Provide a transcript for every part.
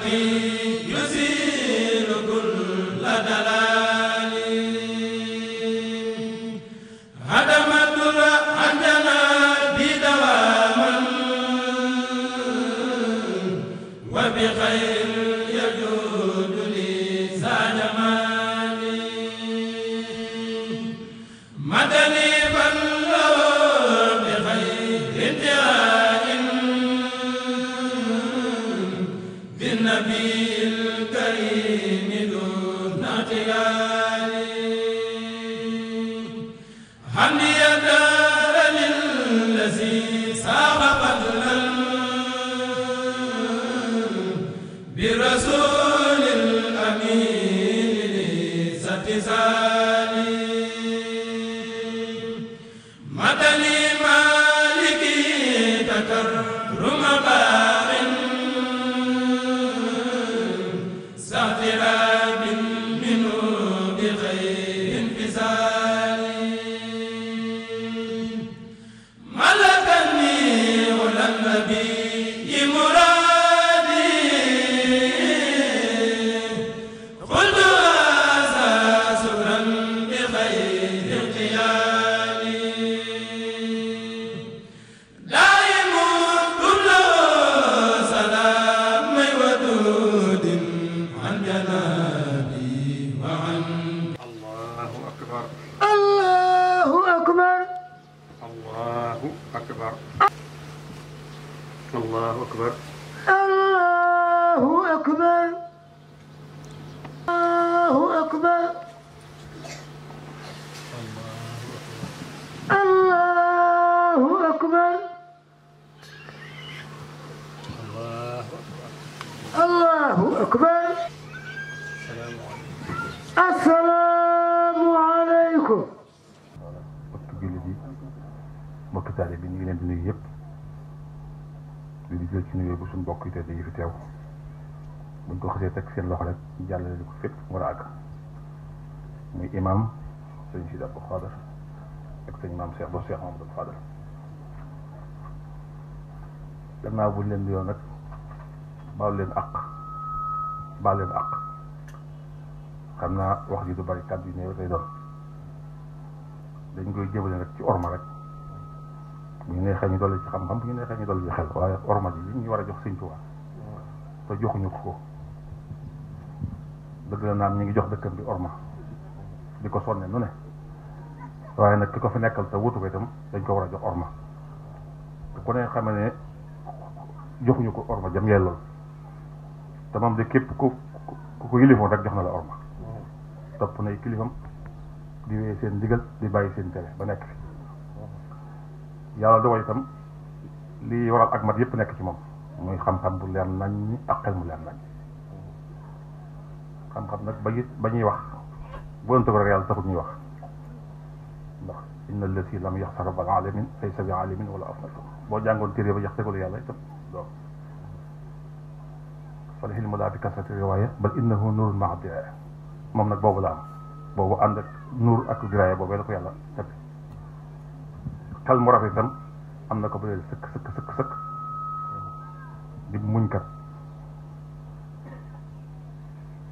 Fatima Amin عنك الله أكبر الله أكبر الله أكبر الله أكبر الله أكبر الله أكبر الله أكبر الله أكبر asalaamualeykum. mbokki jullit yi mbokki taale bi ñu ngi leen di nuyu yëpp di jël ci nuyoo bu suñu mbokk yi tey fi teew buñ ko xasee teg seen loxo rek jàllale di ko fépp war a àgg muy imam sëñ Sidi Abdou Khadr ak sëñ maam Cheikh Ba Cheikh Mamadou Fadal gannaaw buñ leen di yoon nag baal leen àq àq. xam naa wax ji du bari kàddu yu néew lay doon dañ koy jëbale rek ci orma rek bu ñu neexee ñu dolli ci xam-xam bu ñu neexee ñu dolli ci xel waaye orma ji li ñu war a jox Sëñ Tuubaa te joxuñu ko dëgg la naam ñu ngi jox dëkkam bi orma di ko sonne nu ne waaye nag ki ko fi nekkal te wutu ko itam dañ ko war a jox orma te ku ne xame joxuñu ko orma jam yellool te moom de képp ku ku ko yilifoon rek jox na la orma topp nay kilifam di wéy seen ndigal di bàyyi seen tere ba nekk fi yàlla dogal itam li waral ak mat yëpp nekk ci moom muy xam-xam bu leer nañ ak xel mu leer nañ xam-xam nag ba it ba ñuy wax bu ëntëg rek yàlla taxul ñuy wax ndax inna allati lam yaxsa rabbal alamin laysa bi alimin wala afnatum boo jàngoon téere ba yaxtegalu yàlla itam doo fal xilmu laa bi kasrati riwaaya bal innahu nurun maa moom nag boobu laa am boobu ànd ak nuur ak wilaaya boobu la ko yàlla teg xel mu rafet itam am na ko bu dee sëkk sëkk sëkk di muñkat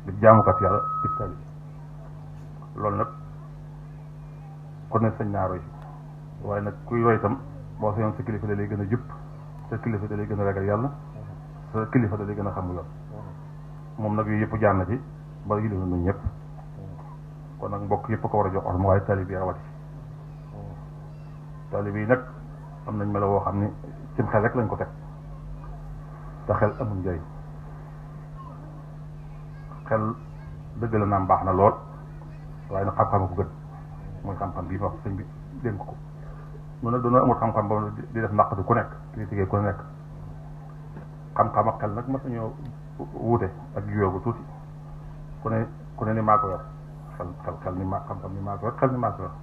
di jaamukat yàlla di taali loolu nag kon ne sañ nag kuy roy itam boo sañoon sa kilifa da lay gën a jub sa kilifa da lay gën a ragal yàlla kilifa da lay gën a xam yoon moom nag yooyu yëpp jaar na ci mbal yi dund na kon nag mbokk yépp ko war a jox orma waaye taalib yi rawati nag am nañ melo woo xam ne cim xel rek lañ ko teg te xel amul njëriñ xel dëgg la naam baax na lool waaye nag xam-xam ko gën mooy xam-xam bii ma wax sëñ bi dénk ko mun na doona amul xam-xam ba di def naqatu ku nekk critiquer ku nekk xam-xam ak xel nag mas nañoo wuute ak yoogu tuuti ku ne ku ne ni maa ko yor xel xel xel ni maa xam-xam ni maa ko yor xel ni maa ko yor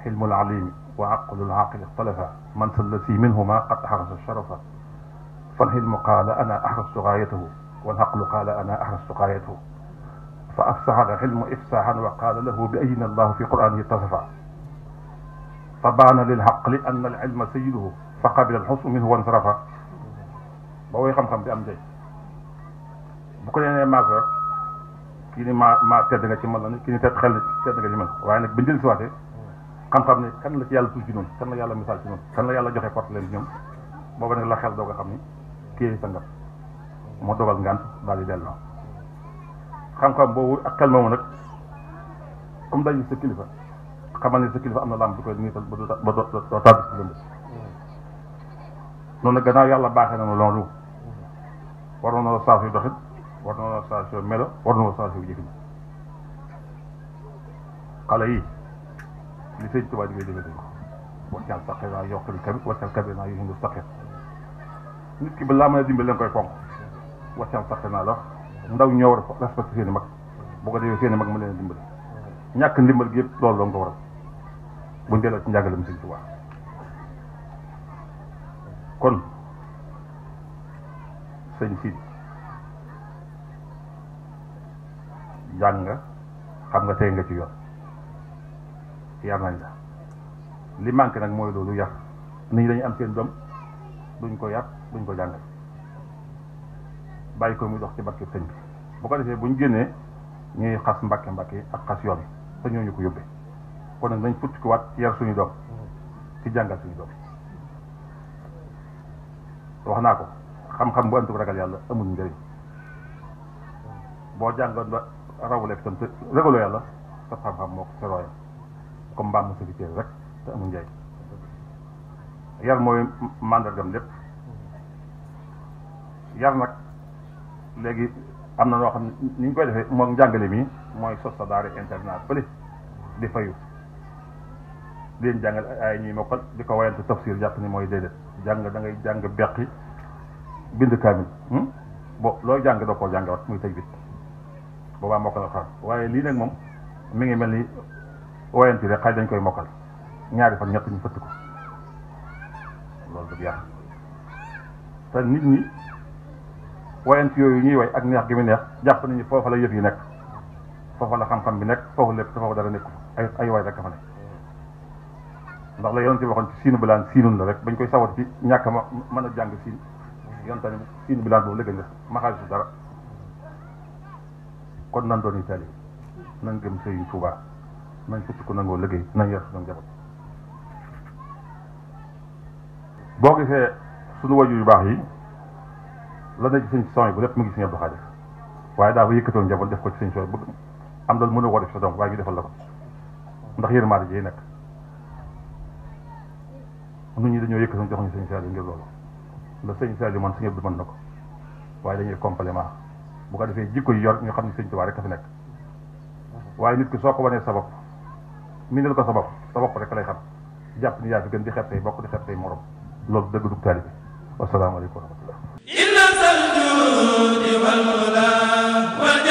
xilmul alimi wa aqlul aqil ixtalafa man sallasi minhuma qad axrasa sharafa فالحلم قال أنا أحرست غايته والعقل قال أنا أحرست غايته فأفسح الحلم إفساحا وقال له بأين الله في قرآنه اتصفا فبان للعقل أن العلم سيده فقبل الحسن منه وانصرفا بوي خم خم بأم جاي bu ko nee maag la kii ni maa maa tedd nga ci man la ne kii ni tedd xel na tedd nga ci man waaye nag bañ jël si waatee xam-xam ne kan la ci yàlla suuf ci noonu kan la yàlla misaal ci noonu kan yàlla joxe porte leen ñoom booba nag la xel doog a xam ni kii sa ngam moo dogal ngant daal di delloo xam-xam boobu ak xel moomu nag comme dañu sa kilifa xamal ne sa kilifa am na lam bu koy niital ba du ba doo tàbbi si lëmb noonu nag yàlla baaxee na ma loolu waroon war na la changé melo war na la changé wu jëfin xale yi li sëñ Tuubaa di ngay dégg dañ ko wàccal saqe naa yokkal kabir wàccal kabir naa yokkal saqe nit ki balaa mën a dimbali leen koy fonk wàccal saqe naa la ndaw ñoo war a respecté seen mag boo ko defee seen i mag mu leen dimbali ñàkk ndimbal gi yëpp loolu la nga ko waral buñ delloo ci njàngalam sëñ Tuubaa kon sëñ Sidi jàng nga xam nga tey nga ci yoon yar nañ la li manqué nag mooy loolu yar nit ñi dañu am seen doom duñ ko yar duñ ko jàngal bàyyi ko muy dox ci barke sëñ bi bu ko defee buñ génnee ñuy xas mbàkke mbàkke ak xas yoon te ñooñu ko yóbbee kon nag nañ futti ko waat ci yar suñu doom ci jàngal suñu doom wax naa ko xam-xam bu antu ragal yàlla amul njëriñ boo jàngoon ba rawuleeg tam te ragaloo yàlla sa xam-xam moo ko sa comme mbaam mu sëfi rek te amul njëriñ yar mooy màndargam lépp yar nag léegi am na noo xam ne ni ñu koy defee moom njàngale mi mooy sos sa daara internat fële di fayu di leen jàngal ay ñuy mokkal di ko wayante tafsir jàpp ni mooy déedéet jàng dangay ngay jàng beqi bind kaamil hmm? bo looy jàng doo koo jàngewaat muy tëj boobaa mokkal alxuraan waaye lii nag moom mi ngi mel ni woyanti rek xaj dañ koy mokkal ñaari fan ñett ñu fëtt ko loolu dëgg yàlla te nit ñi woyanti yooyu ñuy way ak neex gi mu neex jàpp nañu foofa la yëf yi nekk foofa la xam-xam bi nekk foofu lépp te foofu dara nekku ay ay way rek dafa nekk ndax la yonent bi waxoon ci siinu bilaan siinun la rek bañ koy sawar ci ñàkk ma mën a jàng siin yonent bi siinu bilaan boobu léegi nga maxaalisu dara kon nan doon itali nan gëm sëñ Tuuba nan fukk ko nangoo liggéey nan yar suñu njaboot boo gisee suñu waju yu baax yi la na ci sëñ son bu lépp mu ngi sëñ Abdou Khadir waaye daa ba yëkkatoon njaboot def ko ci sëñ son bëgg am dal mën a ko def sa doom waaye ñu defal la ko ndax yéen maa ji nekk nit dañoo yëkkatoon jox ñu sëñ Saliou ngir loolu la sëñ Saliou man sëñ Abdou mën na ko waaye dañuy complément bu ko defee jikko yi yor ñu xam ne sëñ Tuubaa rek a fi nekk waaye nit ki soo ko wanee sa bopp miinal ko sa bopp sa bopp rek lay xam jàpp ni yaa fi gën di xeeb say bokk di xeeb say morom loolu dëgg du taalibe bi wasalaamaaleykum wa